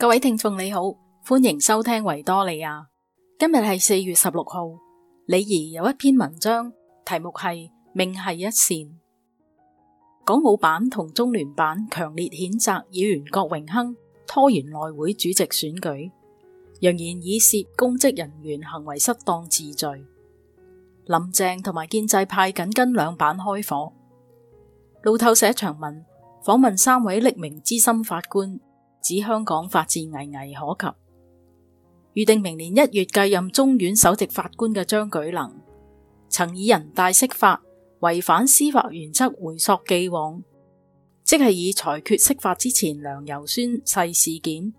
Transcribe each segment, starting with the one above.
各位聽眾你好，歡迎收聽維多利亞。今日係四月十六號，李怡有一篇文章，題目係命繫一線。港澳版同中聯版強烈譴責議員郭榮鏗拖延內會主席選舉，揚言以涉公職人員行為失當治罪。林鄭同埋建制派緊跟兩版開火，路透社長文訪問三位匿名資深法官。指香港法治危危可及。預定明年一月繼任終院首席法官嘅張舉能，曾以人大釋法違反司法原則回溯既往，即係以裁決釋法之前梁游宣誓事件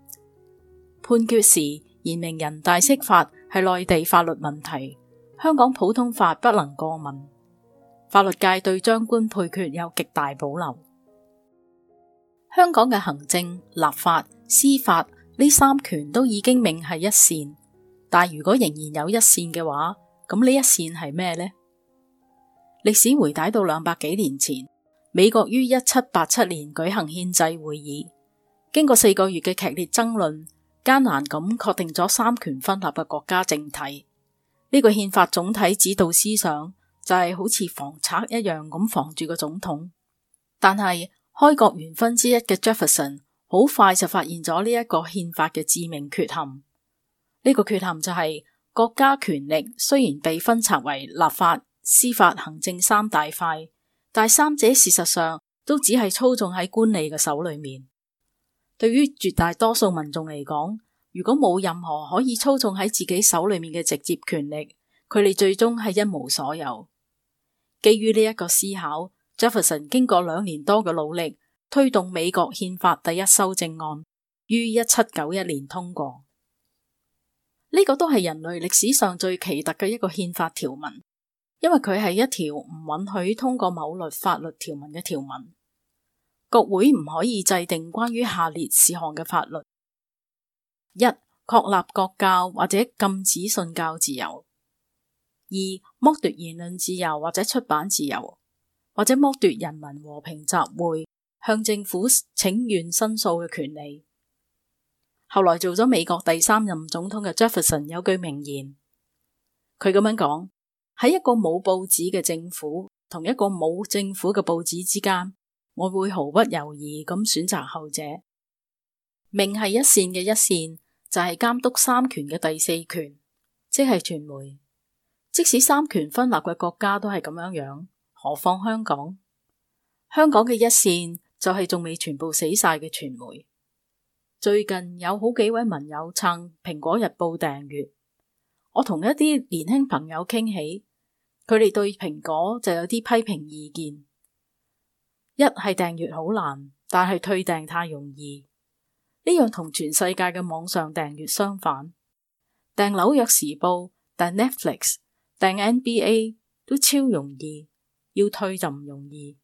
判決時，言明人大釋法係內地法律問題，香港普通法不能過問。法律界對張官配決有極大保留。香港嘅行政、立法、司法呢三權都已經命繫一線，但如果仍然有一線嘅話，咁呢一線係咩咧？歷史回帶到兩百幾年前，美國於一七八七年舉行憲制會議，經過四個月嘅劇烈爭論，艱難咁確定咗三權分立嘅國家政體。呢個憲法總體指導思想就係好似防賊一樣咁防住個總統，但係。開國元勳之一嘅 Jefferson 好快就發現咗呢一個憲法嘅致命缺陷。呢、這個缺陷就係、是、國家權力雖然被分拆為立法、司法、行政三大塊，但係三者事實上都只係操縱喺官吏嘅手裏面。對於絕大多數民眾嚟講，如果冇任何可以操縱喺自己手裏面嘅直接權力，佢哋最終係一無所有。基於呢一個思考。Jefferson 經過兩年多嘅努力，推動美國憲法第一修正案於一七九一年通過。呢、這個都係人類歷史上最奇特嘅一個憲法條文，因為佢係一條唔允許通過某類法律條文嘅條文。國會唔可以制定關於下列事項嘅法律：一、確立國教或者禁止信教自由；二、剝奪言論自由或者出版自由。或者剝奪人民和平集會、向政府請願申訴嘅權利。後來做咗美國第三任總統嘅 Jefferson 有句名言，佢咁樣講：喺一個冇報紙嘅政府，同一個冇政府嘅報紙之間，我會毫不猶豫咁選擇後者。命係一線嘅一線，就係監督三權嘅第四權，即係傳媒。即使三權分立嘅國家都係咁樣樣。何況香港，香港嘅一綫就係仲未全部死晒嘅傳媒。最近有好幾位文友撐蘋果日報訂閱，我同一啲年輕朋友傾起，佢哋對蘋果就有啲批評意見。一係訂閱好難，但係退訂太容易，呢樣同全世界嘅網上訂閱相反。訂紐約時報、訂 Netflix、訂 NBA 都超容易。要退就唔容易，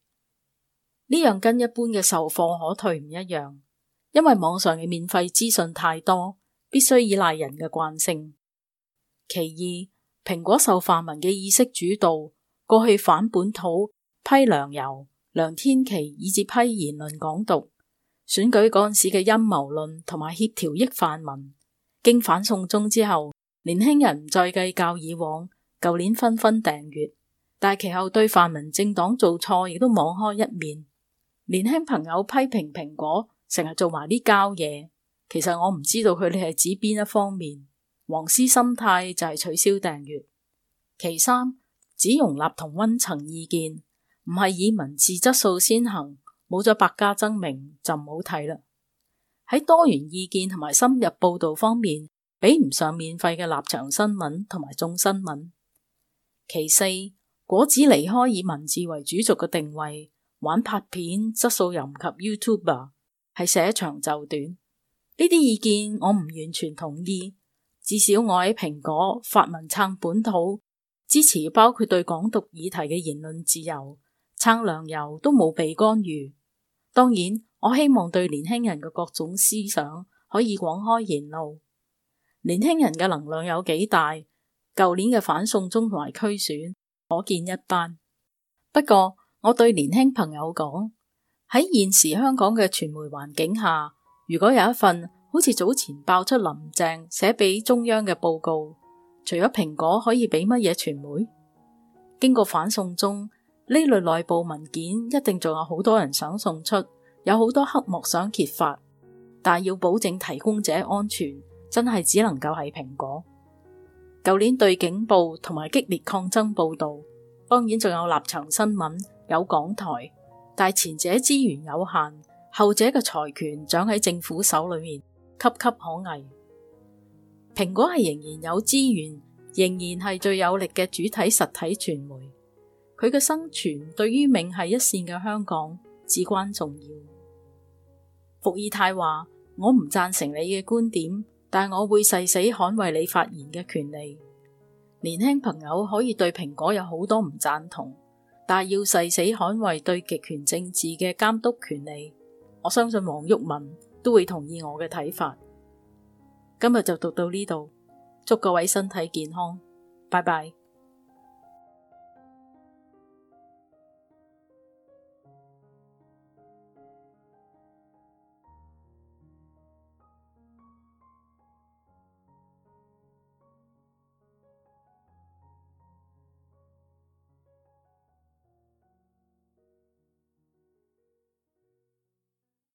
呢樣跟一般嘅售貨可退唔一樣，因為網上嘅免費資訊太多，必須依賴人嘅慣性。其二，蘋果受泛民嘅意識主導，過去反本土、批糧油梁天琪以至批言論港獨、選舉陣時嘅陰謀論，同埋協調益泛民。經反送中之後，年輕人再計較以往，舊年紛紛訂閱。但其後對泛民政黨做錯亦都網開一面。年輕朋友批評蘋果成日做埋啲膠嘢，其實我唔知道佢哋係指邊一方面。黃絲心態就係取消訂閱。其三，只容納同溫層意見，唔係以文字質素先行，冇咗百家爭鳴就唔好睇啦。喺多元意見同埋深入報道方面，比唔上免費嘅立場新聞同埋眾新聞。其四。果子離開以文字為主軸嘅定位，玩拍片質素又唔及 YouTuber，係寫長就短。呢啲意見我唔完全同意，至少我喺蘋果發文撐本土，支持包括對港獨議題嘅言論自由，撐梁游都冇被干預。當然，我希望對年輕人嘅各種思想可以廣開言路。年輕人嘅能量有幾大？舊年嘅反送中同埋區選。可見一斑。不過，我對年輕朋友講，喺現時香港嘅傳媒環境下，如果有一份好似早前爆出林鄭寫俾中央嘅報告，除咗蘋果可以俾乜嘢傳媒？經過反送中，呢類內部文件，一定仲有好多人想送出，有好多黑幕想揭發，但要保證提供者安全，真係只能夠係蘋果。舊年對警暴同埋激烈抗爭報道，當然仲有立場新聞有港台，但前者資源有限，後者嘅財權掌喺政府手裏面，岌岌可危。蘋果係仍然有資源，仍然係最有力嘅主體實體傳媒，佢嘅生存對於命繫一綫嘅香港至關重要。伏爾泰話：我唔贊成你嘅觀點。但我會誓死捍衛你發言嘅權利。年輕朋友可以對蘋果有好多唔贊同，但要誓死捍衛對極權政治嘅監督權利。我相信黃毓民都會同意我嘅睇法。今日就讀到呢度，祝各位身體健康，拜拜。